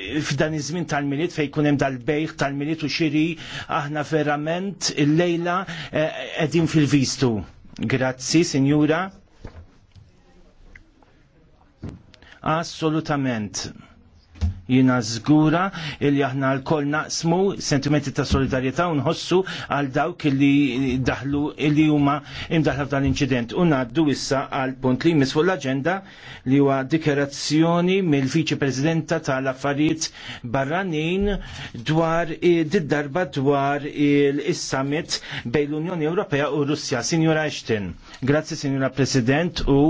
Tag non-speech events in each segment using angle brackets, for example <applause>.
f'dan iż-żmien tal minit fejn kunem hemm dal-bejħ tal minit u xiri aħna verament illejla eh, qegħdin fil-vistu. Grazzi, signura. Assolutament. Jina żgura illi aħna l-koll naqsmu sentimenti ta' solidarjetà u nħossu għal dawk illi daħlu illi huma imdaħla f'dan l-inċident. U ngħaddu issa għal punt li jmiss fuq l-aġenda li huwa dikerazzjoni mill-Viċi Presidenta tal-Affarijiet Barranin dwar id-darba dwar il-summit bejn l-Unjoni Ewropea u Russja. Sinjura Ashton. Grazzi, Signora President, u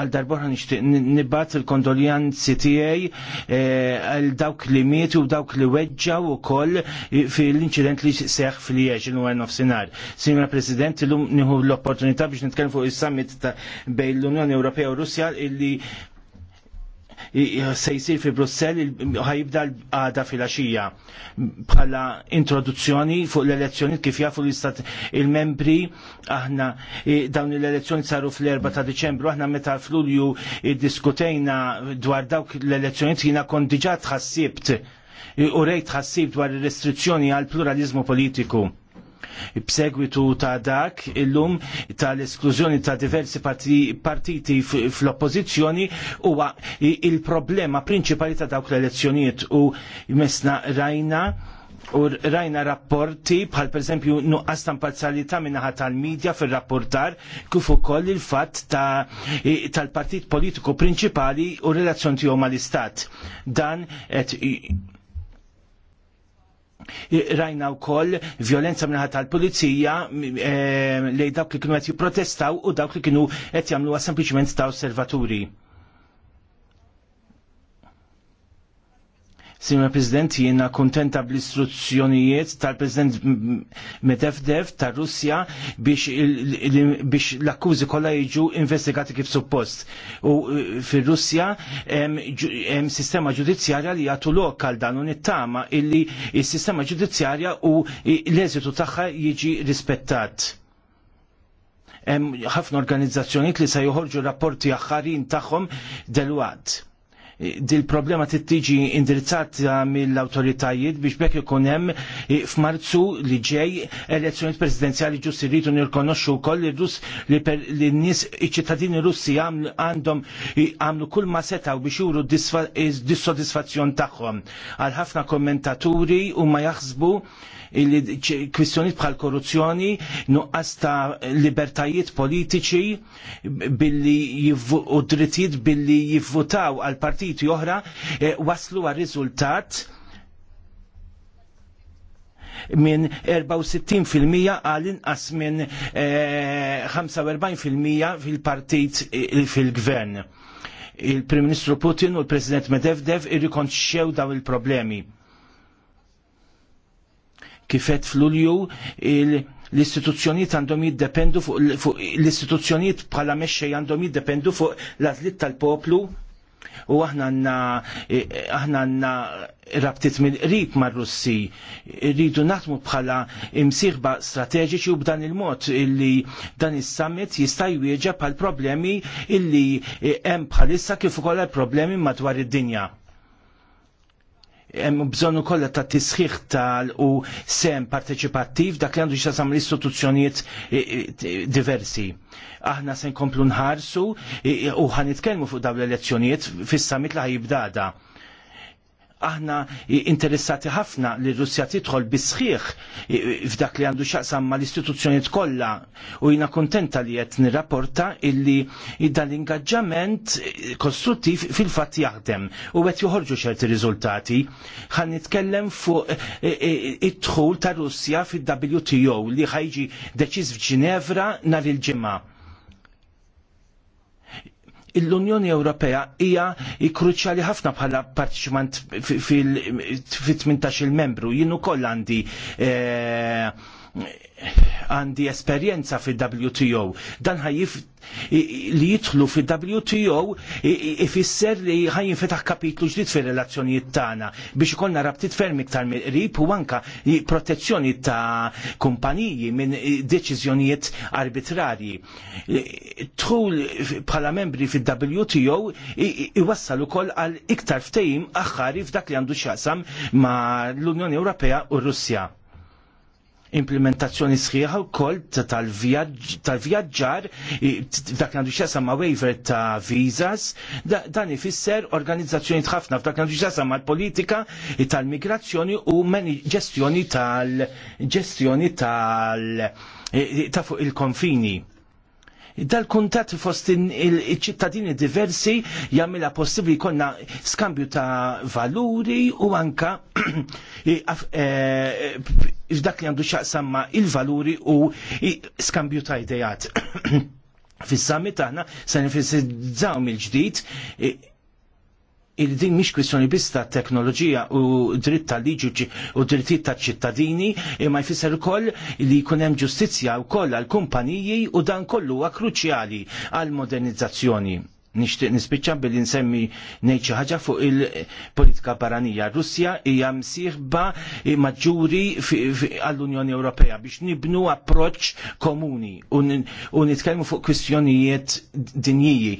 għal darbohra nishtiq nibat il-kondoljanzi tiegħi eh, għal dawk li mietu u dawk li weġġaw ukoll fil-inċident li seħ fil-jeġ il għan nofsinar. Signora President, l um niħu l-opportunità biex nitkellem fuq is summit bej bejn l-Unjoni Ewropea u Russja illi se jisir fi Brussel ħajibda għada fil-axija bħala introduzzjoni fuq l-elezzjoni kif jafu l-istat il-membri aħna dawn l-elezzjoni saru fl-4 ta' Deċembru aħna meta fl-Ulju diskutejna dwar dawk l-elezzjoni jina kon diġa tħassibt u rejt tħassib dwar il-restrizzjoni għal pluralizmu politiku B'segwitu ta' dak illum tal-esklużjoni ta' diversi partiti fl-oppożizzjoni huwa il-problema prinċipali ta' dawk l-elezzjonijiet u mesna rajna u rajna rapporti bħal per esempio nuqqas ta' imparzjalità minnaħa tal-medja fir-rapportar kif ukoll il-fatt ta' tal-partit politiku prinċipali u relazzjon tiegħu mal-istat. Dan qed rajna u koll violenza minnaħat tal-polizija e, eh, dawk li kienu għet jipprotestaw u dawk li kienu għet għas sempliciment ta' osservaturi. Sima President, jiena kontenta bl-istruzzjonijiet tal-President Medvedev ta' Russja biex l-akkużi kollha jiġu investigati kif suppost. U uh, fir-Russja hemm sistema ġudizzjarja li jagħtu lokal dan u nittama illi s-sistema ġudizzjarja u l-eżitu tagħha jiġi rispettat hemm ħafna organizzazzjonijiet li se joħorġu rapporti aħħarin tagħhom delwat dil-problema tittiġi indirizzat mill-autoritajiet biex bekk ikun hemm eh, f'Marzu li ġej elezzjoniet presidenzjali ġus irridu nirkonoxxu wkoll ir-Rus li n-nies iċ-ċittadini Russi għandhom eh, għamlu kull ma setaw biex juru eh, dissodisfazzjon sodisfazzjon tagħhom. Għal ħafna kommentaturi huma jaħsbu kwistjoniet bħal korruzzjoni, nuqqas ta' libertajiet politiċi billi u drittijiet billi jivvutaw għal partit partiti oħra eh, waslu għal riżultat minn 64% għal inqas minn 45% eh, fil-partit eh, fil-gvern. Il-Prim Ministru Putin u l-President Medvedev irrikonċew daw il-problemi. Kifet fl-Ulju l-istituzzjonijiet għandhom jiddependu fuq l-istituzzjonijiet bħala mexxej għandhom jiddependu fuq l-azlit tal-poplu u aħna għanna e, aħna għanna rabtiet mill-qrib ma' Russi rridu naħdmu bħala imsiħba strateġiċi u b'dan il-mod illi dan is-summit jista' jwieġeb għal problemi illi e, hemm bħalissa kif ukoll problemi madwar id-dinja hemm bżonn ukoll ta' tisħiħ tal u sem parteċipattiv dak li għandu jisasam l-istituzzjonijiet diversi. Aħna se nkomplu nħarsu u ħanitkellmu fuq dawn l-elezzjonijiet fis-summit li ħajibdada aħna interessati ħafna li Russja tidħol bisħiħ f'dak li għandu xaqsam ma l-istituzzjoniet kollha u jina kontenta li qed nirrapporta illi dan l-ingaġġament kostruttiv fil-fatt jaħdem u qed joħorġu ċerti riżultati. Ħan nitkellem fuq id-dħul ta' Russja fil-WTO li ħajġi deċiż f'Ġinevra nhar il-ġimgħa l-Unjoni Ewropea hija kruċjali ħafna bħala partiċipant fil 18 il-membru. Jien ukoll għandi eh, għandi esperjenza fi WTO. Dan ħajif li jitlu fi WTO ifisser li ħajin fetaħ kapitlu ġdid fi relazzjonijiet tagħna biex ikollna rabtiet ferm iktar mill-qrib u anka protezzjoni ta' kumpaniji minn deċiżjonijiet arbitrarji. Tħul bħala membri fi WTO iwassal ukoll għal iktar ftehim aħħari f'dak li għandu x'jaqsam ma' l-Unjoni Ewropea u r Russja implementazzjoni sħiħa wkoll tal-vjaġġar dak għandu xasama waiver ta' visas dan ifisser organizzazzjoni tħafna f'dak għandu xasama l-politika tal-migrazzjoni u ġestjoni tal-ġestjoni tal- ta' fuq il-konfini dal-kuntat fost il-ċittadini diversi jagħmilha possibbli jkollna skambju ta' valuri u anka <clears throat> f'dak eh, eh, li għandu xaqsamma il-valuri u skambju ta' idejat. <clears throat> Fis-summit aħna se nifisizzaw mill-ġdid il-din mhix kwistjoni biss ta' teknoloġija u dritt tal liġi u drittijiet ta' ċittadini imma jfisser ukoll li jkun hemm ġustizzja wkoll għall kumpaniji u dan kollu huwa kruċjali għall modernizzazzjoni. Nixtieq nispiċċa billi nsemmi ngħid xi ħaġa fuq il-politika barranija. Russja hija msieħba maġġuri għall-Unjoni Ewropea biex nibnu approċċ komuni u nitkellmu fuq kwistjonijiet dinjiji.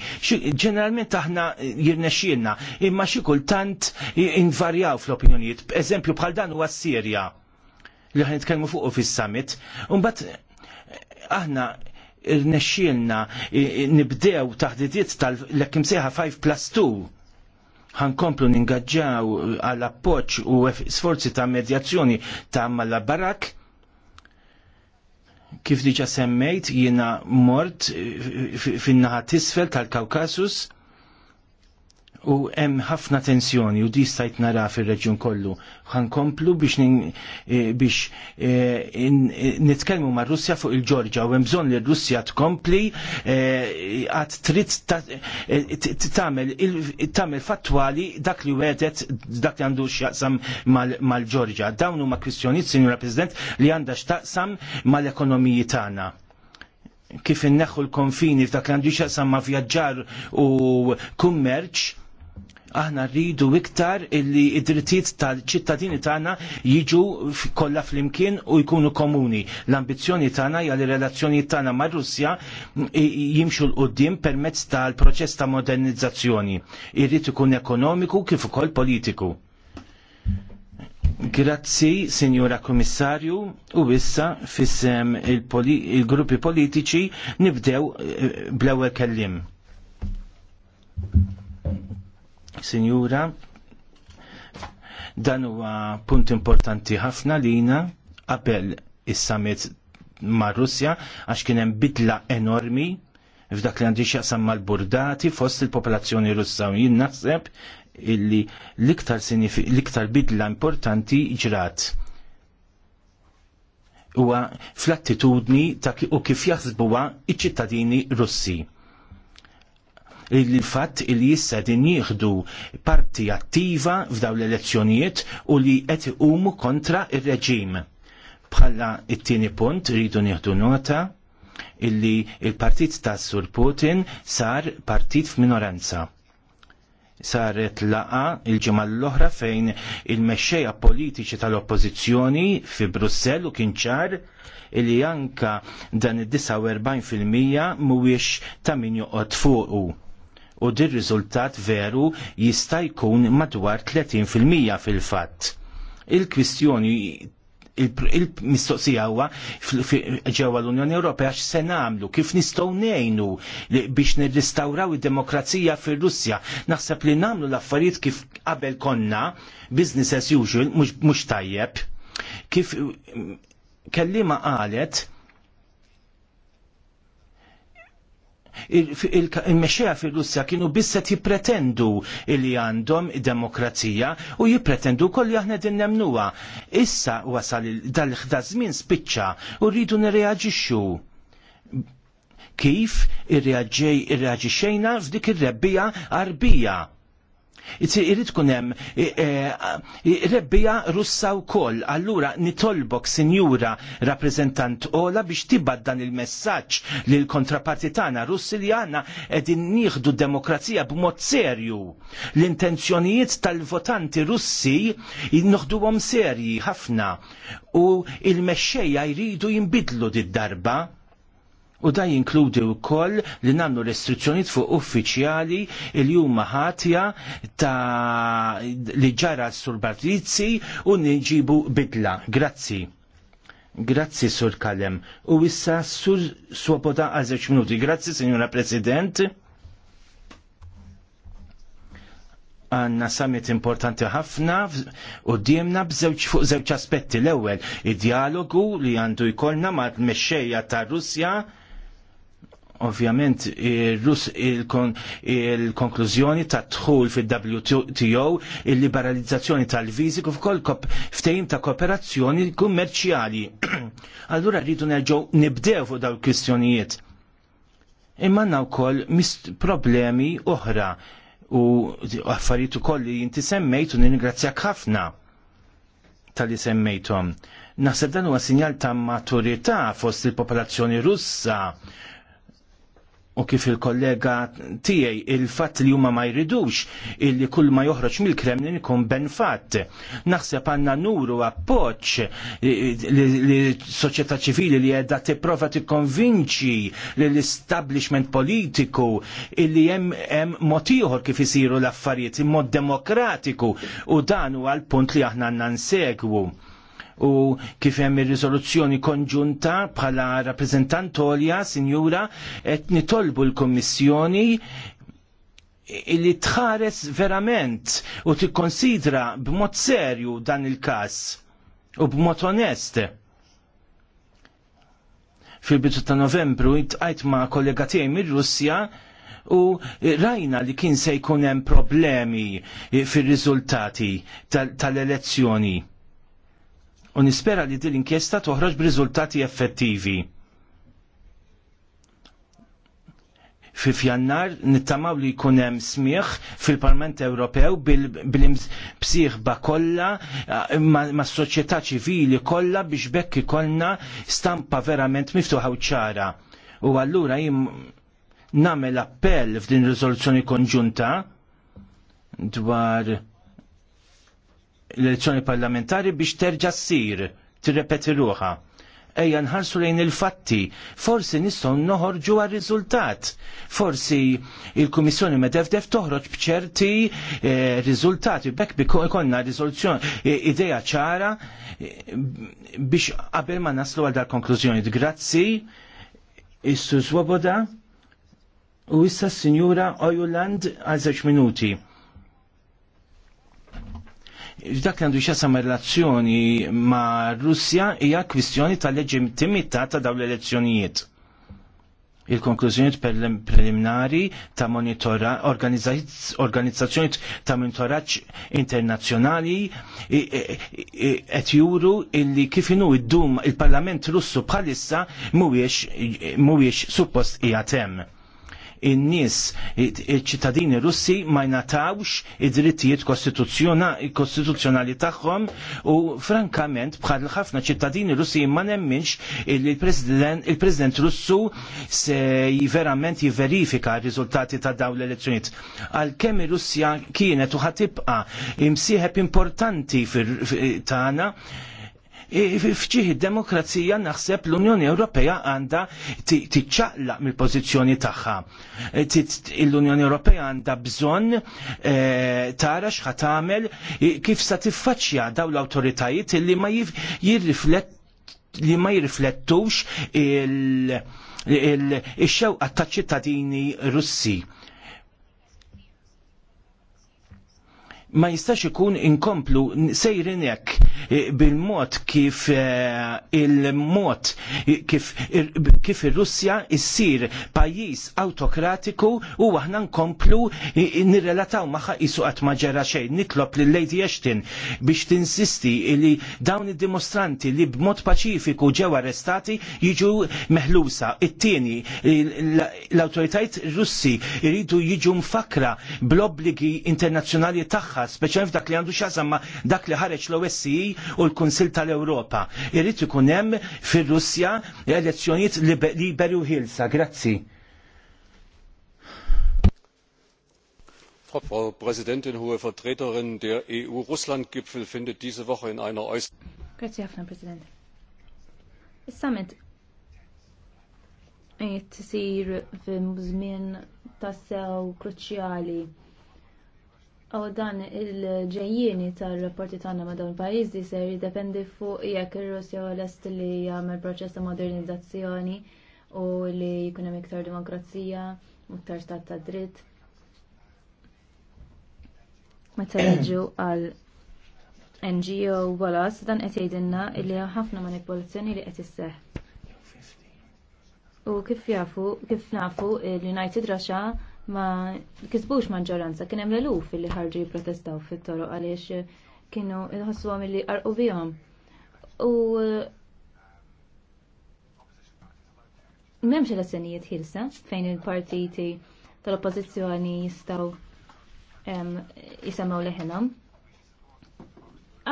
Ġeneralment aħna jirnexxielna imma xi kultant invarjaw fl-opinjonijiet. Eżempju bħal dan huwa s-Sirja li ħan nitkellmu fuq fis-summit. aħna irnexxielna nibdew taħdidiet tal-lekkim seħa 5 plus 2 ħankomplu ningaġġaw uh, għal appoġġ u sforzi ta' medjazzjoni ta' malla barak kif diġa semmejt jiena mort uh, fin-naħa tisfel tal-Kawkasus u hemm ħafna tensjoni u di stajt nara fir-reġjun kollu. komplu biex e, biex e, nitkellmu ma' Russja fuq il-Ġorġa u hemm bżonn li Russja tkompli e, għad trid tagħmel fattwali dak li wedet dak li għandu x'jaqsam mal-Ġorġa. Dawn huma kwistjonijiet, Sinjura President, li għandha x'taqsam mal-ekonomiji tagħna kif inneħħu l-konfini f'dak li għandu xaqsam ma' vjaġġar u kummerċ, aħna rridu iktar illi id-drittijiet tal-ċittadini tagħna jiġu kollha flimkien u jkunu komuni. L-ambizzjoni tagħna hija li relazzjonijiet tagħna ma' Russja jimxu l qudiem permezz tal-proċess ta' modernizzazzjoni. Irrid ikun ekonomiku kif ukoll politiku. Grazzi, sinjura Komissarju, u issa fissem il-gruppi il politiċi nibdew eh, bl-ewwel kellim. Sinjura, dan huwa punt importanti ħafna lina qabel is-summit ma' Russja għax kien hemm bidla enormi f'dak li għandix jaqsam mal-burdati fost il-popolazzjoni russa u jien naħseb illi l-iktar l-iktar bidla importanti ġrat. Huwa fl-attitudni ta' u kif jaħsbuha iċ-ċittadini Russi il-fatt li jissa din jieħdu parti attiva f'daw l-elezzjonijiet u li qed umu kontra ir-reġim. Bħalla it-tieni punt rridu nieħdu nota illi il-partit ta' Sur Putin sar partit f'minoranza saret laqa il-ġimgħa l-oħra fejn il-mexxejja politiċi tal-Oppożizzjoni fi Brussell u kien ċar li anka dan id-49% mhuwiex ta' min joqgħod fuqu u dir riżultat veru jista' jkun madwar 30% fil-fatt. Il-kwistjoni il-mistoqsija huwa ġewwa l-Unjoni Ewropea x'se nagħmlu, kif nistgħu ngħinu biex nirristawraw id-demokrazija fir-Russja. Naħseb li nagħmlu l-affarijiet kif qabel konna business as usual mhux tajjeb. Kif mm, kellima qalet il-mexxejja fil-Russja kienu bisset jippretendu li għandhom demokrazija u jippretendu kolli aħna din nemnuha. Issa wasal dal-ħda żmien spiċċa u rridu nirreaġixxu. Kif irreaġixxejna f'dik ir-rebbija arbija! Irrid tkun hemm e, rebbija russa wkoll. Allura nitolbok sinjura rappreżentant ola biex tibad dan il-messaġġ lil kontraparti tagħna Russi li għandna qegħdin nieħdu demokrazija b'mod serju. L-intenzjonijiet tal-votanti Russi noħduhom serji ħafna u il-mexxejja jridu jinbidlu dit-darba U da jinkludi wkoll li nagħmlu restrizzjonijiet fuq uffiċjali li huma ħatja ta' li ġara sur Barrizzi u nġibu bidla. Grazzi. Grazzi sur Kalem. U issa sur Swoboda għazeċ minuti. Grazzi, Signora President. għanna summit importanti ħafna u djemna bżewċ fuq zewċ aspetti l-ewel, id-dialogu li għandu jkollna ma' l-mexxejja ta' Russja Ovvjament il-Rus il-konklużjoni ta' tħul fil-WTO il-liberalizzazzjoni tal-viżi kif ukoll ftejim ta' kooperazzjoni kummerċjali. <clears throat> Allura rridu nerġgħu nibdew fuq dawn il-kwistjonijiet. Imma għandna wkoll problemi oħra u affarijiet ukoll li inti semmejt u ningrazzjak ħafna tal-li semmejtom. Naħseb dan huwa sinjal ta' maturità fost il-popolazzjoni russa u kif il-kollega tiegħi il-fatt li huma ma jridux illi kull ma joħroġ mill-Kremlin ikun ben fatt. Naħseb għandna nuru appoġġ li soċjetà ċivili li qiegħda tipprova tikkonvinċi li l-establishment politiku illi hemm hemm mod ieħor kif isiru l-affarijiet mod demokratiku u dan huwa l-punt li aħna għandna nsegwu u kif hemm ir-riżoluzzjoni konġunta bħala rappreżentantolja, sinjura, qed nitolbu l-Kummissjoni li tħares verament u tikkonsidra b'mod serju dan il-każ u b'mod onest fil-bidu ta' novembru jitqajt ma' kollega tiegħi mir-Russja u rajna li kien se jkun hemm problemi fir-riżultati tal-elezzjoni u nispera li din inkjesta toħroġ b'riżultati effettivi. fi fjannar nittamaw li kunem smieħ fil-Parlament Ewropew bil-imsieħba kollha ma' soċjetà ċivili kollha biex bekk ikollna stampa verament miftuħa u ċara. U allura jim namel appell f'din riżoluzzjoni konġunta dwar l-elezzjoni parlamentari biex terġa ssir tirrepeti ruħa. Ejja nħarsu lejn il-fatti, forsi nistgħu noħorġu għal riżultat. Forsi il-Kummissjoni Medevdev toħroġ bċerti rizultati, eh, riżultati, bi konna riżoluzzjoni eh, ideja ċara eh, biex qabel ma naslu għal dal-konklużjoni. Grazzi, Issu Swoboda u issa s-Sinjura Ojuland għal 10 minuti dak għandu xasam relazzjoni ma' Russja hija kwistjoni tal-leġitimità ta' dawn l-elezzjonijiet. Il-konklużjoniet preliminari ta' organizzazzjoni ta' monitoraġġ internazzjonali qed juru illi kif inhu id-dum il-Parlament Russu bħalissa mhuwiex mhuwiex suppost hija temm in-nies iċ-ċittadini Russi ma jnatawx id-drittijiet kostituzzjonali tagħhom u frankament bħal ħafna ċittadini Russi ma nemminx il-President Russu se verament jiverifika r-riżultati ta' dawn l-elezzjonijiet. Għalkemm ir-Russja kienet u ħatibqa' imsieħeb importanti tagħna fċiħ demokrazija naħseb l-Unjoni Ewropea għandha tiċċaqlaq mill-pożizzjoni tagħha. Eh, L-Unjoni Ewropea għandha bżonn eh, tara x'ħat tagħmel kif sa tiffaċċja daw l-awtoritajiet li ma li ma jirriflettux il-xewqa il, il, il, il, il, il, il, il, il, taċ-ċittadini Russi ma jistax ikun inkomplu sejrin eh, bil-mod kif eh, il-mod eh, kif, kif ir-Russja issir pajjiż autokratiku u aħna nkomplu nirrelataw magħha isu għat ma xej xejn. Nitlob lil Lady Ashton biex tinsisti li dawn id-dimostranti li b'mod paċifiku ġew arrestati jiġu meħlusa. It-tieni l-awtoritajiet Russi jridu jiġu mfakra bl-obbligi internazzjonali tagħha tagħha, speċjalment dak li għandu x'għażam ma dak li ħareġ l osi e u l-Kunsil tal-Ewropa. Irrid ikun hemm fir-Russja elezzjonijiet liberi u ħilsa. Grazzi. Frau Präsidentin, hohe Vertreterin, der EU-Russland-Gipfel findet diese Woche in einer äußerst Grazie ħafna, President. Is-summit jittisir f'żmien tassew kruċjali U dan il-ġejjieni tar-rapporti tagħna ma' dawn pajjiżi ser jiddependi fuq jekk ir-Russja lest li jagħmel proċess ta' modernizzazzjoni u li jkun hemm iktar demokrazija u iktar stat ta' dritt. Meta jiġu għal NGO Wallace dan qed jgħidilna li ħafna manipolazzjoni li qed isseħħ. U kif jafu, kif nafu l-United Russia ma kisbux maġġoranza, kien hemm l-eluf li ħarġu jipprotestaw fit-toroq għaliex kienu jħossu għam li qarqu bihom. U memx l-assenijiet ħilsa fejn il-partiti tal-oppozizjoni jistaw jisamaw leħenom.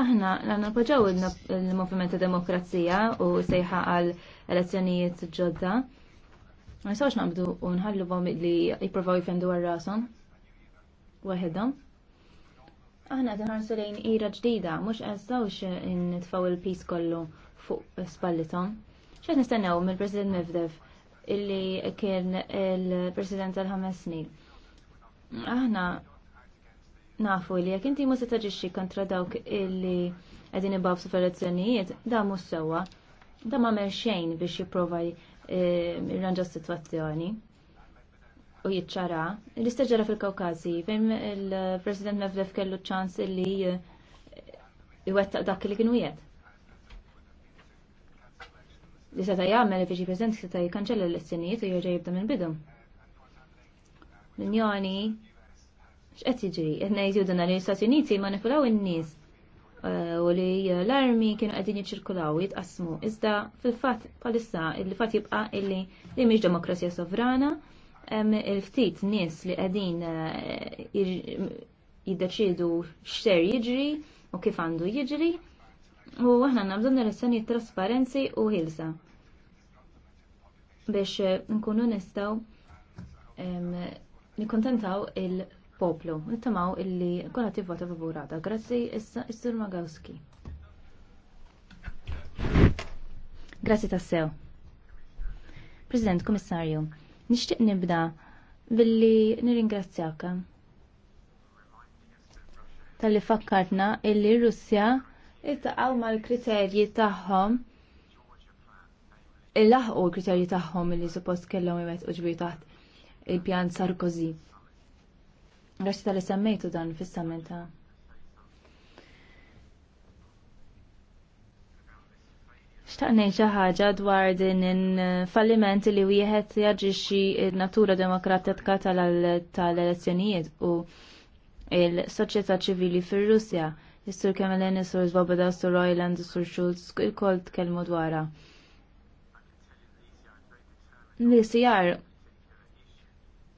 Aħna l-anappoġaw il-Movimenta Demokrazija u sejħa għal elezzjonijiet ġodda Ma jistawx naqbdu u bom li jiprofaw jifendu għal rasom. Waħedhom. Aħna tħarsu lejn ira ġdida, mux in tfaw il-pis kollu fuq spallitom. ċaħt nistennew mill-President Mevdev illi kien il-President tal-ħames snin. Aħna nafu li jek inti musa taġiċi kontra dawk illi għedin ibabsu fil-elezzjonijiet, da mus sewa da ma mer xejn biex jipprovaj Eh, irranġa s-situazzjoni u jitċara. L-istaġġara fil-Kawkazi, fejn il-President Mevlev kellu ċans li jwettaq eh, dak li kienu jed. Li seta jgħamil il-Viċi President seta jkanċella l-istinijiet u jirġa jibda minn bidu. L-Unjoni, x'qed jiġri? Qed ngħidu dan li l-Istati Uniti manipulaw in-nies u li l-armi kienu għedin jċirkulaw jitqasmu. Iżda fil-fat palissa il-fat jibqa illi li miex demokrazija sovrana il-ftit nis li għedin eh, jiddeċidu xter jiġri u kif għandu jiġri u għahna nabżon relazzjoni trasparenzi u hilsa biex nkunu nistaw nikontentaw il- poplu. Nittamaw illi kolla tivvota favorata. Grazzi issa Istur Magawski. Grazzi tassew. President, Komissarju, nixtieq nibda billi nirringrazzjak tal-li fakkartna illi Russja ittaqaw mal-kriterji tagħhom il-laħqu l-kriterji tagħhom illi suppost kellhom imet uġbir taħt il-pjan Sarkozy. Għax tal-li semmejtu dan fis-samenta. Xtaqnejn xi ħaġa dwar din il-falliment li wieħed jaġixxi natura demokratika tal-elezzjonijiet u il-soċjetà ċivili fir-Russja. Is-Sur is Sur Svoboda, Sur Royland, Sur Schulz, il kolt tkellmu dwarha. l sijar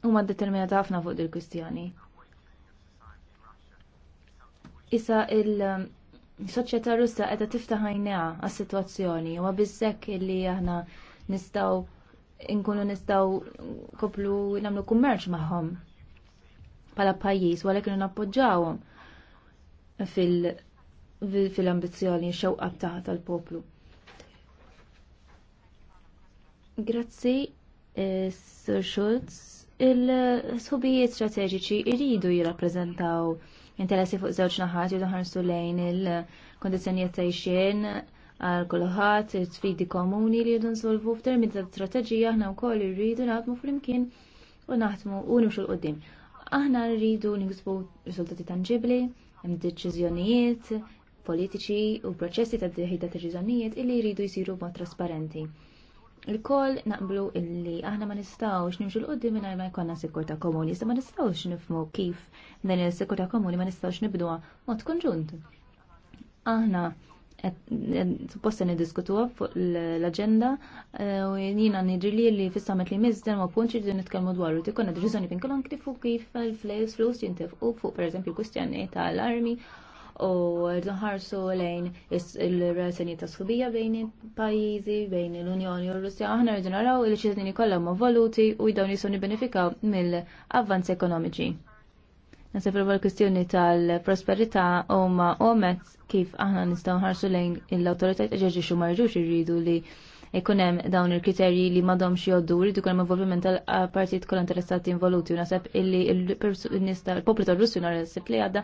huma determinat ħafna fuq dil-kwistjoni. Issa il-soċjetà Russa qiegħda tiftaħ għajnejha għas-sitwazzjoni u biżżekk illi aħna nistgħu nkunu nistgħu koplu nagħmlu kummerċ magħhom bħala pajjiż u għalhekk nappoġġawhom fil-ambizzjoni xewqa taħ tal-poplu. Grazzi, eh, Sir Schultz il-sħubijiet strateġiċi jridu jirrappreżentaw interessi fuq żewġ naħat jidu ħarsu lejn il-kondizzjonijiet ta' ixin għal kulħadd sfidi komuni li jridu nsolvu minn ta' strateġija aħna wkoll irridu naħdmu flimkien u naħdmu u nimxu l qoddim Aħna rridu niksbu riżultati tangibli, hemm deċiżjonijiet politiċi u proċessi ta' t deċiżjonijiet illi jridu jsiru mod trasparenti il kol naqblu illi aħna ma nistawx nimxu l-qoddim minn ma jkollna sikurta komuni, jista ma nistawx nifmu kif dan il-sikurta komuni ma nistawx nibduha mod konġunt. Aħna supposta niddiskutuha fuq l-agenda e, u jiena nidrilli li fis li miżden ma punt irridu nitkellmu dwaru ti konna deċiżjoni fin kolon kif kif il-flejs flus jintifqu fuq pereżempju kwistjoni tal-armi u nħarsu lejn il-relazzjoni ta' subija bejn il-pajjiżi, bejn l-Unjoni u r-Russja. Aħna rridu naraw il ċittadini kollha ma' voluti u jdawn jisun jibbenefikaw mill-avvanz ekonomiċi. Nasib l-kwistjoni tal-prosperità huma omet kif aħna nistgħu nħarsu lejn l autoritajt eġeġixu ma rridux irridu li ikunem hemm dawn il-kriterji li m'għadhomx jgħoddu li ikun hemm involviment tal-partijiet kollha interessati involuti u naħseb illi l-nies tal-poplu tar-Russu nhar is li għadda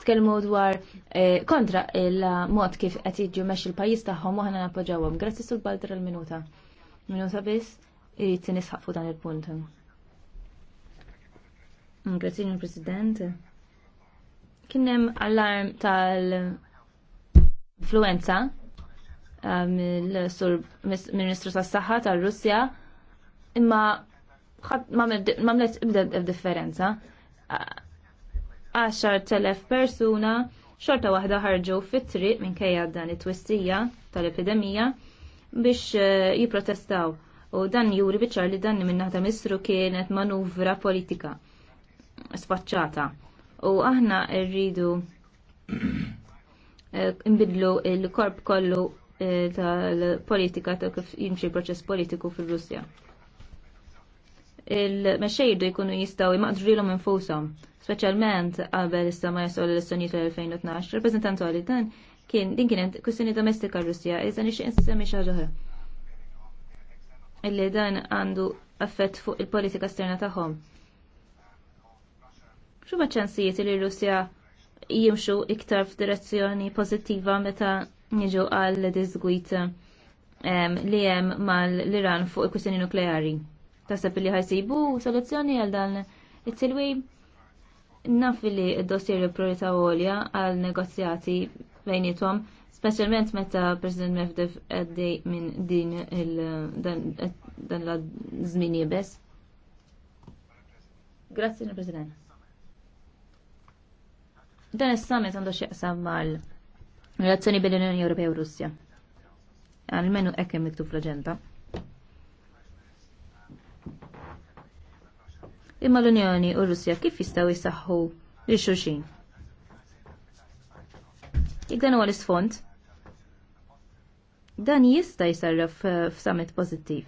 tkellmu dwar eh, kontra il-mod kif qed jiġu mex il-pajjiż tagħhom u aħna nappoġġawhom. Grazzi sul balter għal-minuta. Minuta biss irid tinisħaq fuq dan il-punt. Grazzi, President kienem allarm tal-influenza Um, mill-Ministru tas-Saħħa tar-Russja imma mlet ibda differenza. telef persuna xorta waħda ħarġu fit-triq minkejja dan it-twistija tal-epidemija biex eh, jiprotestaw. U dan juri biċar li dan minna ta' misru kienet manuvra politika spaċċata. U aħna rridu eh, imbidlu il-korp kollu Eh, tal-politika ta' kif jimxi proċess politiku fil-Russja. Il-mexxejdu jkunu jistgħu jmaqdrilhom infushom, speċjalment qabel issa ma jasol l-elezzjonijiet tal-2012, rappreżentantuali dan kien din kienet kwistjoni domestika Russja, iżda nixtieq insemmi xi ħaġa Illi dan għandu affett fuq il-politika esterna tagħhom. X'huma ċansijiet li Russja jimxu iktar f'direzzjoni pożittiva meta Niġu għal dizgwit li hemm mal-Iran fuq il-kwistjoni nukleari. Tasab li ħajsibu soluzzjoni għal dan it-tilwi naf li d-dossier priorità għolja għal negozjati bejnietom, specialment meta President Mefdef għaddej minn din dan la zmini bes. Grazie, President. Dan is-summit għandu xieqsam mal- Relazzjoni bejn l-Unjoni Ewropea u Russja. Almenu hekk hemm miktub fl-aġenda. Imma l-Unjoni u Russja kif jistgħu jisaħħu lil xulxin? Jekk dan huwa l-isfond, dan jista' jsarraf f'summit pożittiv.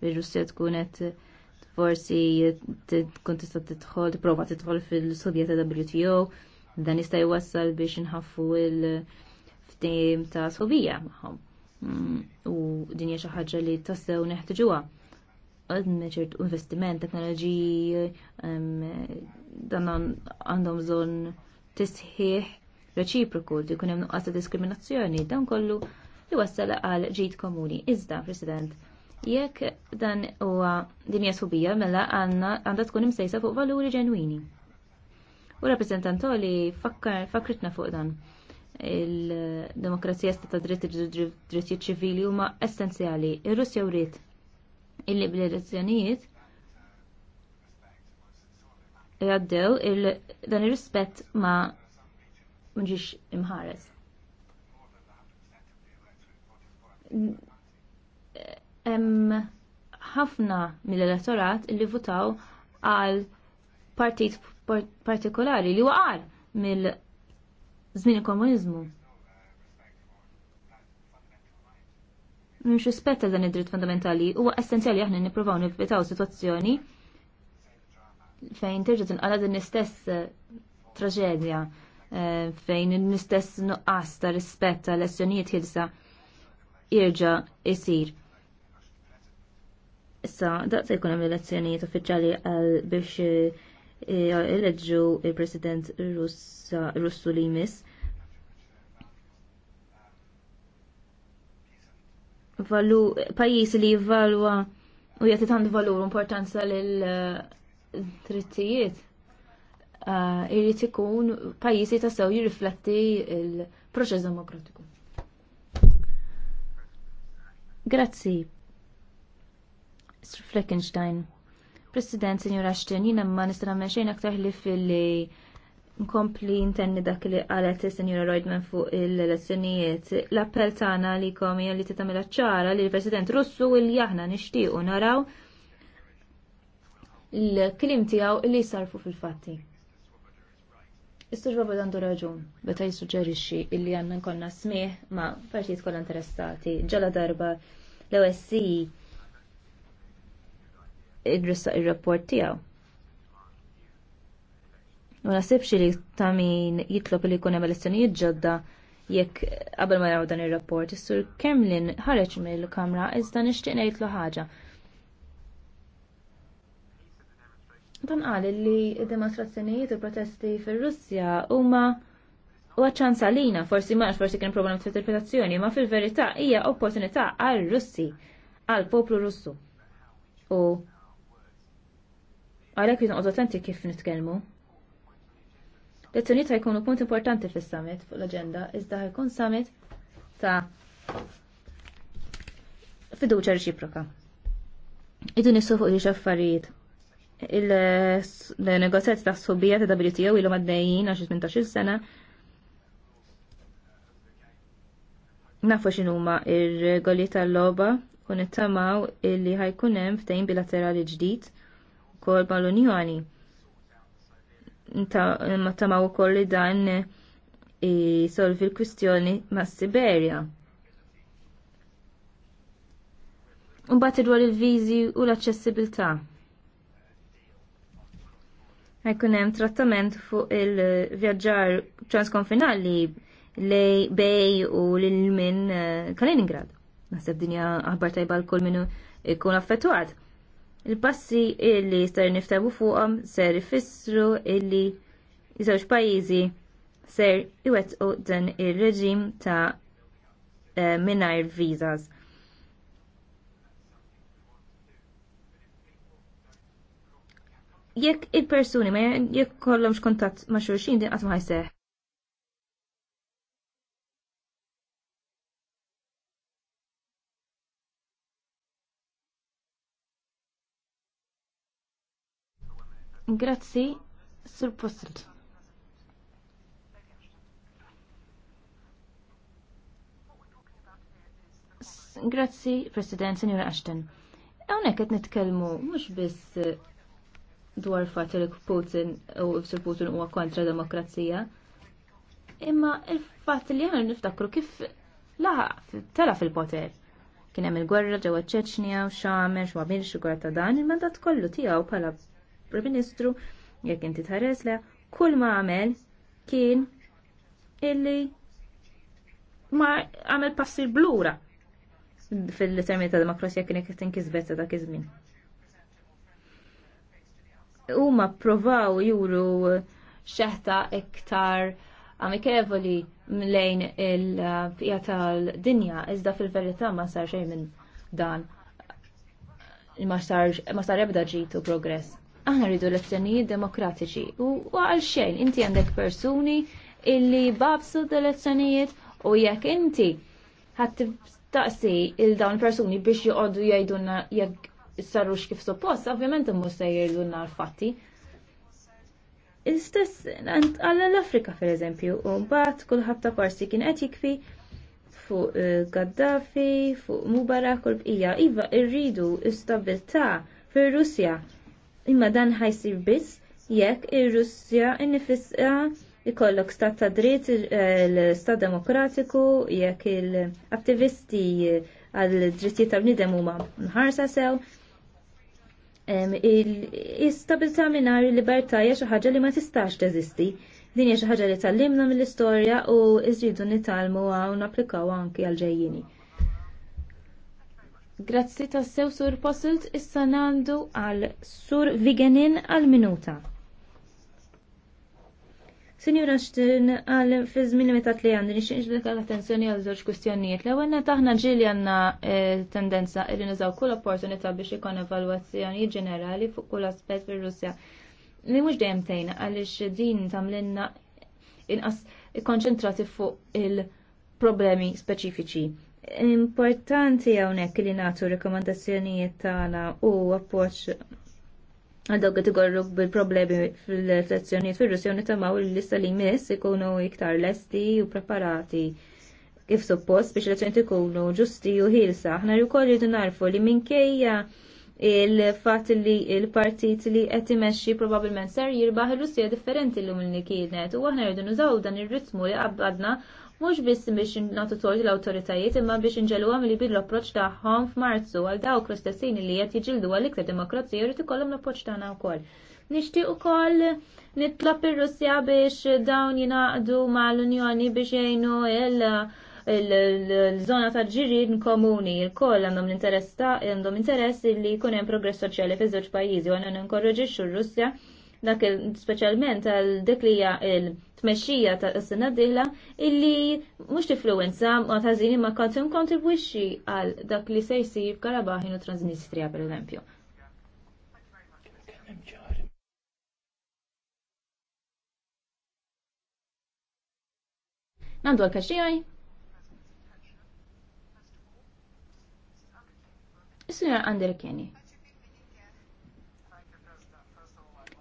Li russja tkun qed forsi tkun tista' tidħol, tipprova tidħol fil-Sovjet WTO, Dan jista' jwassal biex nħaffu il-ftim ta' sovija magħhom. Mm, u din hija xi ħaġa li tassew neħtiġuha. Għadna ċert investiment, teknoloġiji, dan għandhom bżonn tisħiħ reċiproku li jkun hemm nuqqas ta' diskriminazzjoni dan kollu li wassal għal ġid komuni. Iżda, President, jekk dan huwa dinja subija mela għandna għandha tkun imsejsa fuq valuri ġenwini. U rappresentantoli fakritna fuq dan il-demokrazija stata dritti drittijiet ċivili huma essenzjali. Ir-Russja wrid illi bl-elezzjonijiet jaddew dan ir-rispett ma mġiex imħares. Hemm ħafna mill-elettorat illi votaw għal partit partikolari li waqar mill żmien il-komuniżmu. Mhux rispetta dan id-dritt fundamentali huwa essenzjali aħna nippruvaw nivvitaw sitwazzjoni fejn terġa' tinqala din l-istess eh, traġedja eh, fejn l-istess nuqqas ta' rispett ta' lezzjonijiet ħilsa irġa' isir. Issa, se jkun hemm il-lezzjonijiet uffiċjali għal biex eh, eleġġu il-President Russu li jmiss. Valu, pajis li jivvalwa u jagħti tant valur importanza lil eh, drittijiet. jrid eh, ikun pajjiżi ta' sew jirrifletti il-proċess demokratiku. Grazzi. Sir Fleckenstein. President, Senjora Ashton, jina ma nistana għamna xejn aktar li fil-li nkompli intenni dak li għalet Senjora Reutman fuq il-elezzjonijiet. L-appell tagħna li komi għalli t-tamela ċara li l-President Russu il aħna nixtiequ naraw l-klim tiegħu li sarfu fil-fatti. Istur Robert għandu raġun, beta jissuġġerixxi illi għandna nkollna smih ma' partijiet kollha interessati. Ġala darba l-OSCE idrissa il-rapport tiegħu. U nasibx li ta' min jitlob li jkun hemm elezzjonijiet ġodda jekk qabel ma jaraw dan ir-rapport, is-sur Kemlin ħareġ mill-kamra iżda nixtieq ngħidlu ħaġa. Dan qal li d-demonstrazzjonijiet u protesti fir-Russja huma u ċans għalina, forsi ma forsi kien problem ta' interpretazzjoni, ma fil-verità hija opportunità għal-Russi, għal poplu Russu. U Għalhekk li noqgħod attenti kif nitkellmu. Lezzjonijiet ħajkunu punt importanti fis-summit fuq l-aġenda, iżda ħajkun summit ta' fiduċa reċiproka. Idu nissu fuq li xaffarijiet. Il-negozjat ta' subija ta' WTO ilu maddejjin għax 18 sena nafu x'inhuma il regoli tal-logħba u nittamaw illi ħajkun hemm f'tejn bilaterali ġdid ukoll bal unjoni Ma u ukoll li dan solvi l-kwistjoni ma' Siberja. Unbat dwar il vizi u l-aċċessibilità. Ħajkun hemm trattament fuq il-vjaġġar transkonfinali lej bej u lil min eh, Kaliningrad. Naħseb dinja aħbar tajba l-kull minnu ikun affettwat. Il-passi illi ser niftabu fuqhom ser ifissru illi żewġ pajjiżi ser iwettqu dan ir-reġim ta' eh, mingħajr visas. jekk il-persuni ma jekk kollomx ma' xulxin din qatt ma ħajseħ. Grazzi, Sur Post. Grazzi, President, Senjora Ashton. Għonek għet nitkelmu, mux biss dwar fatt li Putin u Sur Putin huwa kontra demokrazija. Imma il-fatt li għamil niftakru kif laħaq tela fil-poter. Kien hemm il-gwerra ġewwa ċeċnija u xamex u għamil xi ta' dan il-mandat kollu tiegħu bħala prim Ministru jekk inti tħares le kull ma għamel kien illi ma għamel passi blura fil-termini ta' demokrasija kien jekk tinkisbet ta' dak iż-żmien. Huma provaw juru xeħta iktar amikevoli lejn il-fija tal-dinja, iżda fil-verità ma sar xejn minn dan. Ma sar ebda ġitu progress aħna rridu elezzjonijiet demokratiċi u għal xejn inti għandek persuni illi babsu d-elezzjonijiet u jekk inti ħadd taqsi il-dawn persuni biex joqogħdu jgħidulna jekk sarrux kif suppost, ovvjament immus se jgħidulna l-fatti. Istess għall-Afrika per eżempju, u mbagħad kulħadd ta' parsi kien qed jikfi fuq eh, Gaddafi, fuq Mubarak u l-bqija. Iva, irridu istabilta fir-Russja imma dan ħajsir biss jekk ir-Russja innifisha ikollok stat ta' dritt l-stat demokratiku jekk il-attivisti għal drittijiet tal-bniedem huma mħarsa sew il-istabilta minar il-libertà hija xi ħaġa li ma tistax teżisti. Din hija xi ħaġa li tallimna mill-istorja u iżridu nitalmu u napplikaw anki għal ġejjini. Grazzi ta' sew sur posilt issa nandu għal sur Vigenin għal minuta. Sinjura xtin għal fiż minimitat li għandi nixinx għal attenzjoni għal żewġ kwistjonijiet. l għanna taħna aħna għanna għandna eh, tendenza li nizaw kull opportunità biex ikun evalwazzjoni ġenerali fuq kull aspett fir-Russja. Li mhux dejjem tgħinha għaliex din tagħmilna inqas ikkonċentrati fuq il-problemi speċifiċi. Importanti hawnhekk li nagħtu rekomandazzjonijiet tagħna u appoġġ għandhom qed igorru bil-problemi fil-elezzjonijiet fir ta' maw li lista li jmiss ikunu iktar lesti u preparati kif suppost biex l-elezzjonijiet ikunu ġusti u ħilsa. Aħna wkoll rridu narfu li minkejja il-fat li il-partit li qed imexxi probabbilment ser jirbaħ ir russija differenti l-lum li kienet u aħna rridu nużaw dan ir-ritmu li qabadna mhux biss biex nagħtu tort l-awtoritajiet imma biex inġeluhom li l approċċ tagħhom f'Marzu għal dawk l-istessin li qed jiġildu għal iktar demokrazija jrid ikollhom l-approċċ tagħna wkoll. Nixtieq ukoll nitlob ir-Russja biex dawn jingħaqdu mal-Unjoni biex jgħinu il- l-zona ta' ġirin komuni, il-koll għandhom interess ta' għandhom interess li jkun hemm progress soċjali fi żewġ pajjiżi u għandhom nkorroġixxu r-Russja dak speċjalment għal dik li hija l-tmexxija ta' s-sena d'ihla illi mhux tifluwenza ma tażini ma kontum kontribwixxi għal dak li se jsir f'Karabaħin u Transnistria eżempju. Nandu għal kaxijaj? Is-sinjor Anderkeni.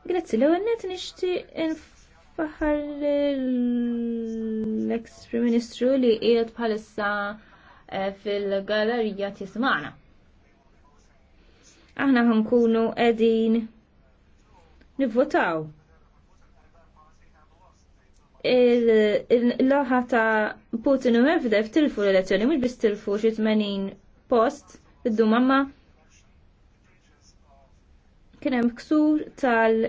Grazzi, l-ewwel net nixtieq infaħar l-ex Prim Ministru li qiegħed bħalissa eh, fil-galerija tismana. Aħna ħankunu qegħdin nivvotaw il-laħa ta' Putin u Medvedev tilfu l-elezzjoni, mux bis tilfu xie 80 post, id dumamma mamma kien hemm ksur tal-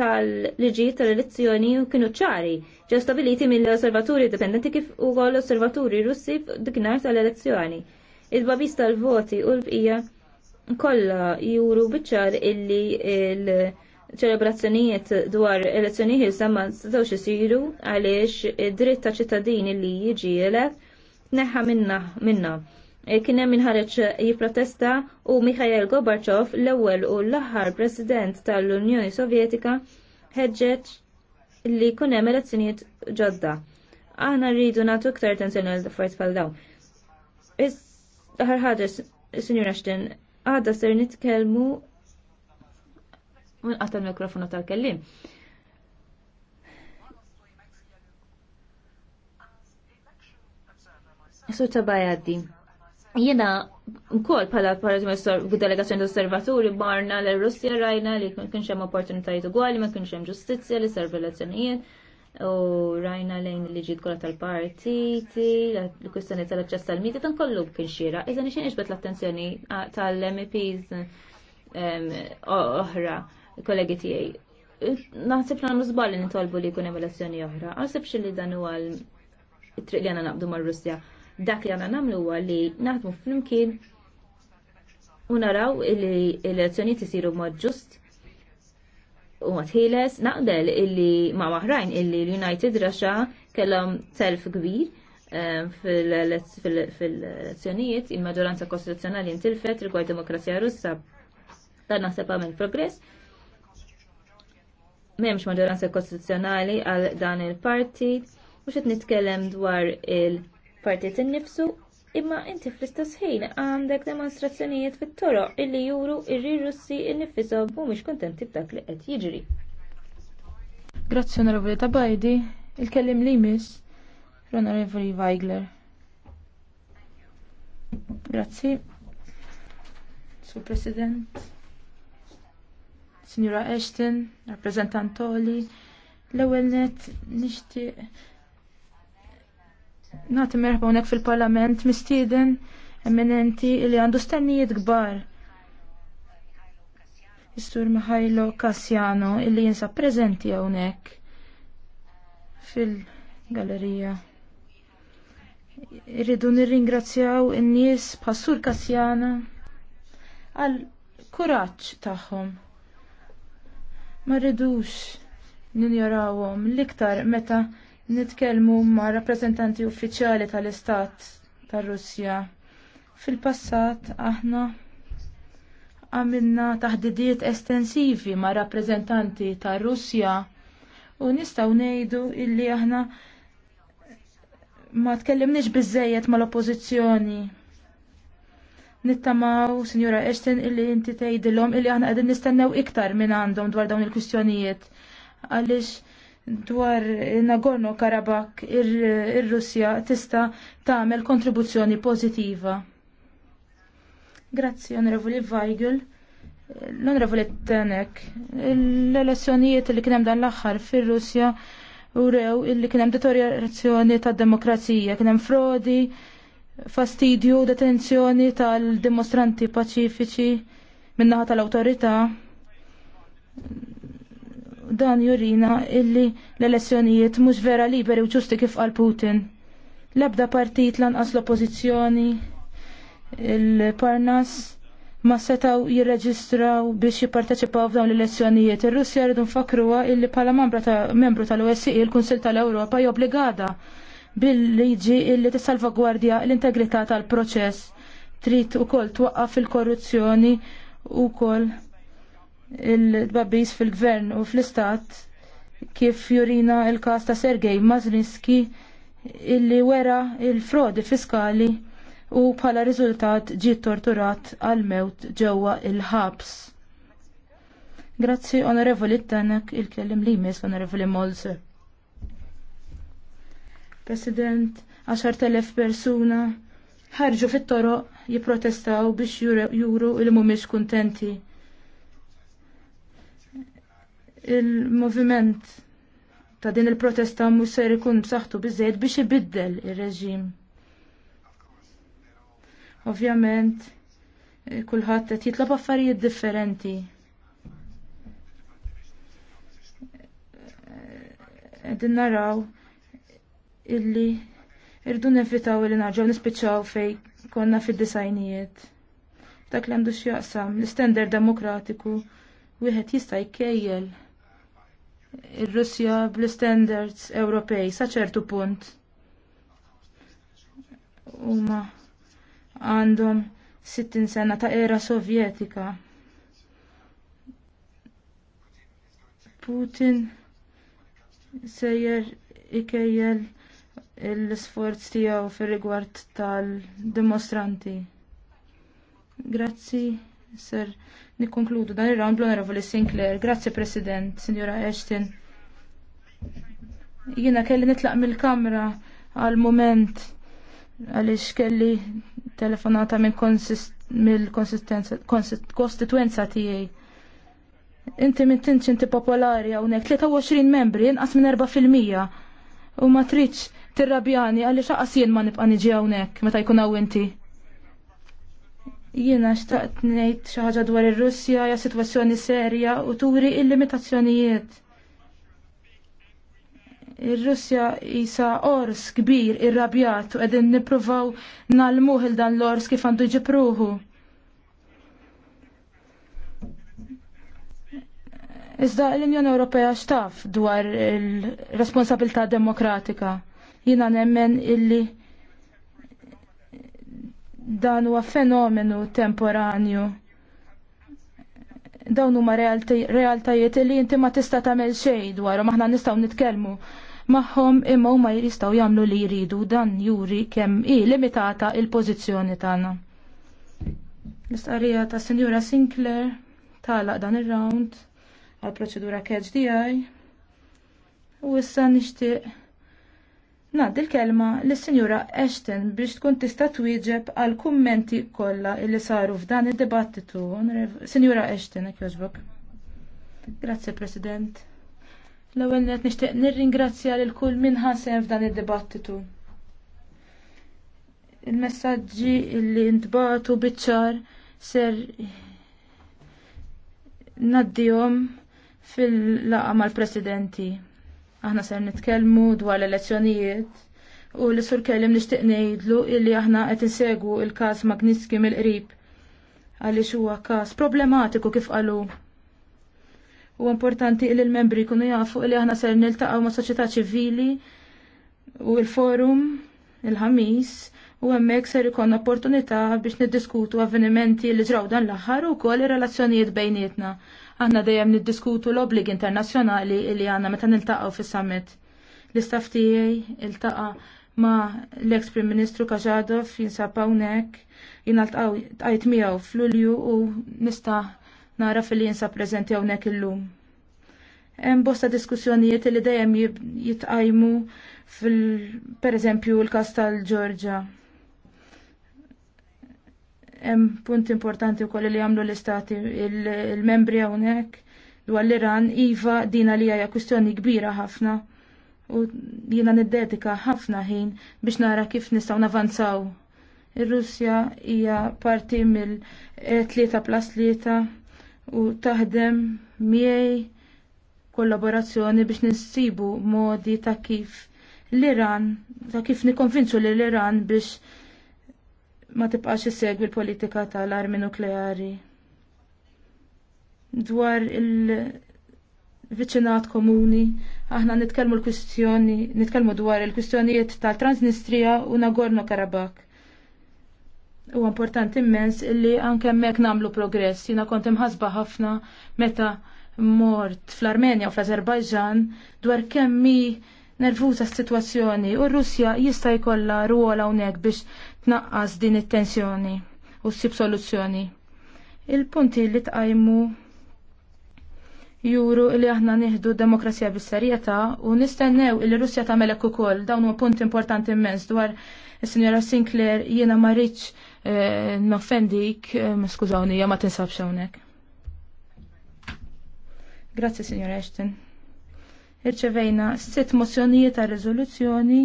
tal-liġi tal-elezzjoni u kienu ċari, ġew stabiliti mill-osservaturi dipendenti kif ukoll għol osservaturi russi diknar tal-elezzjoni. Il-babis tal-voti u l-bqija kollha juru bieċar illi l ċelebrazzjonijiet dwar elezzjoni ħilsa ma setgħux isiru għaliex id-dritt ta' ċittadini li jiġi jelef neħħa minna minna. E, kien hemm inħareġ jipprotesta u Mikhail Gorbachev l-ewwel u l-aħħar President tal-Unjoni Sovjetika ħeġġeġ li kun hemm elezzjonijiet ġodda. Aħna rridu nagħtu iktar attenzjoni għal affarijiet bħal dawn. Aħar ħaġa, Sinjur Ashton, għadha ser nitkellmu minqata l-mikrofonu tal-kellim. Su tabajaddi. Jena Nkol pala pala delegazzjoni ta' osservaturi barna l russja rajna li ma kienx hemm opportunitajiet ugwali, ma kienx hemm ġustizzja li sar relazzjonijiet u rajna lejn li ġiet kollha tal-partiti, l-kwistjoni tal-aċċess tal-medja tan kollu kien xira. Iżda nixin iġbet l-attenzjoni tal-MEPs oħra, kollegi tiegħi. Naħseb xan għamlu li nitolbu li jkun hemm elezzjoni oħra. Għasibx li dan huwa għal triq li għandna naqbdu mar-Russja Dak li għanna namlu huwa li naħdmu flimkien u naraw li l-elezzjonijiet isiru mod ġust u mod ħieles naqdel illi ma' waħrajn illi l-United Russia kellhom telf kbir eh, fil-elezzjonijiet il-maġoranza kostituzzjonali intilfet rigward demokrazija russa dan naħseb għamel progress memx maġoranza kostituzzjonali għal dan il-parti u xed nitkellem dwar il- partit innifsu imma inti fl-istess ħin għandek demonstrazzjonijiet fit-toroq illi juru r-rir russi innifisom mhumiex kuntenti b'dak li qed jiġri. Grazzi onorevoli Tabajdi, il-kellim li jmiss l-onorevoli Weigler. Grazzi. President, Signora Ashton, l net Nati merħba unek fil-parlament mistieden eminenti li għandu stennijiet gbar. Istur Mihajlo Kassiano illi jinsa prezenti għonek fil-gallerija. Irridu nirringrazzjaw in-nies bħassur Kassjana għal kuraġġ tagħhom. Ma rridux ninjorawhom l-iktar meta nitkellmu ma' rappreżentanti uffiċjali tal-Istat tar-Russja. Fil-passat aħna għamilna taħdidiet estensivi ma' rappreżentanti tar-Russja u nistgħu ngħidu illi aħna ma tkellimniex biżejjed mal-oppożizzjoni. Nittamaw, Sinjura Eshten, illi inti tgħidilhom illi aħna qegħdin nistennew iktar minn għandhom dwar dawn il-kwistjonijiet. Għaliex dwar Nagorno Karabakh ir-Russja tista' tagħmel kontribuzzjoni pożittiva. Grazzi, Onorevoli Weigel. L-Onorevoli Tenek, l-elezzjonijiet li kien hemm dan l-aħħar fir-Russja u rew illi kien hemm deteriorazzjoni tad-demokrazija, kien hemm frodi, fastidju, detenzjoni tal-dimostranti paċifiċi min-naħa tal-awtorità dan jurina illi l-elezzjonijiet mhux vera liberi u ġusti kif qal Putin. L-ebda partit lanqas l-oppożizzjoni il-Parnas ma setaw jirreġistraw biex jipparteċipaw f'dawn l-elezzjonijiet. Ir-Russja rridu nfakruha illi bħala membru tal-OSCE il-Kunsil tal-Ewropa jobbligada bil-liġi illi tissalvagwardja l-integrità tal-proċess. Trid ukoll twaqqaf il-korruzzjoni ukoll il-tbabbis fil-gvern u fl-istat kif jurina il-kas ta' Sergej Mazrinski illi wera il-frodi fiskali u bħala riżultat ġi torturat għal-mewt ġewwa il-ħabs. Grazzi, onorevoli Tanak, il-kellim li jmiss, onorevoli Molse. President, 10.000 persuna ħarġu fit-toroq jipprotestaw biex juru il mhumiex kuntenti il-moviment ta' din il-protesta mhux ser ikun b'saħħtu biżejjed biex ibiddel ir-reġim. Ovvjament, eh, kulħadd qed jitlob affarijiet differenti. Eh, qegħdin naraw illi irdu nevitaw li naġgħu nispiċċaw fejn konna fid-disajnijiet. Dak li għandu x'jaqsam l istender demokratiku wieħed jista' jkejjel ir-Russja bl-standards Ewropej sa ċertu punt. Huma għandhom 60 sena ta' era sovjetika. Putin sejjer ikejjel l-sforz tiegħu fir-rigward tal-dimostranti. Grazzi, ser Nikkonkludu dan ir-round l-Onorevoli Sinclair. Grazzi President, Signora Ashton. Jiena kelli nitlaq mill-kamra għal moment għaliex kelli telefonata minn mill-konsistenza tiegħi. Inti minn tintx inti popolari hawnhekk 23 membri inqas minn 4 u ma tridx tirrabjani għaliex aqas jien ma nibqa' niġi hawnhekk meta jkun hawn inti. Jiena xtaqt ngħid xi ħaġa dwar ir-Russja hija sitwazzjoni serja u turi il-limitazzjonijiet. Ir-Russja isa ors kbir irrabjat u qegħdin nippruvaw nagħlmuh il dan l-ors kif għandu ġipruħu. Iżda l-Unjoni Ewropea xtaf dwar il-responsabilità demokratika. Jiena nemmen illi Dan huwa fenomenu temporanju. Dawn huma realtajiet li inti ma tista' tagħmel xejn dwarhom aħna nistgħu nitkellmu magħhom imma huma jistgħu jagħmlu li jridu dan juri kemm hi limitata il-pożizzjoni tagħna. L-istqarrija ta' Sinjura Sinclair tagħlaq dan ir-round għal proċedura catch DI u issa nixtieq Ngħaddi l kelma l-Sinjura Ashton biex tkun tista' twieġeb għal kummenti kollha li saru f'dan id-dibattitu. Sinjura Ashton, hekk jogħġbok. Grazzi President. L-ewwel qed nixtieq nirringrazzja lil kull min ħasem f'dan id-dibattitu. Il-messaġġi li ntbagħtu biċ-ċar ser naddihom fil-laqa mal-presidenti Aħna ser nitkellmu dwar l-elezzjonijiet u li sur kellim nixtieq ngħidlu illi aħna qed insegwu il-każ Magnitski mill-qrib għaliex huwa każ problematiku kif qalu. U importanti li l-membri jkunu jafu li aħna ser niltaqgħu ma' soċjetà ċivili u l-forum il-ħamis u hemmhekk ser ikun opportunità biex niddiskutu avvenimenti li ġraw dan l-aħħar ukoll ir-relazzjonijiet bejnietna Aħna dejjem niddiskutu l-obligi internazzjonali li għandna meta niltaqgħu fis-summit. L-istaff tiegħi iltaqa' ma' l-ex Prim Ministru Kaġadov jinsab hawnhekk, jingħaltqgħu tqajt miegħu f'Lulju u nista' nara fil-li jinsab preżenti hawnhekk illum. Hemm bosta diskussjonijiet li dejjem jitqajmu fil pereżempju l-każ tal-Ġorġa Hemm punt importanti wkoll li jagħmlu l-istati il-membri hawnhekk dwar l-Iran iva dina li hija kwistjoni kbira ħafna u jiena niddedika ħafna ħin biex nara kif nistgħu navanzaw. Ir-Russja hija parti mill-3 plus 3 u taħdem miej kollaborazzjoni biex nissibu modi ta' kif l-Iran, ta' kif nikonvinċu l-Iran biex ma tibqax issegwi l-politika tal-armi nukleari. Dwar il-viċinat komuni, aħna nitkellmu l-kwistjoni, nitkellmu dwar il-kwistjonijiet tal-Transnistria u Nagorno Karabakh. U importanti immens illi anke hemmhekk nagħmlu progress. Jiena kont imħasba ħafna meta mort fl-Armenja u fl-Azerbajġan dwar kemm mi nervuża s-sitwazzjoni u r-Russja jista' jkollha rwol hawnhekk biex tnaqqas din it-tensjoni u ssib soluzzjoni. Il-punti li tqajmu juru li aħna nieħdu demokrazija bis-serjetà u nistennew il russja tagħmel hekk ukoll dawn huwa punt importanti immens dwar is-Sinjora Sinclair jiena ma rridx eh, noffendik, eh, ma skużawni, ma tinsabx hawnhekk. Grazzi, Signor Ashton. Irċevejna sitt mozzjonijiet ta' riżoluzzjoni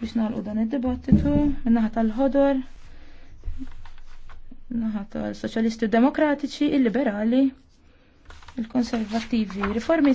biex nagħlqu dan id-dibattitu min-naħat tal-ħodor naħa tal-Soċjalisti Demokratiċi, il-Liberali, il konservativi Riformi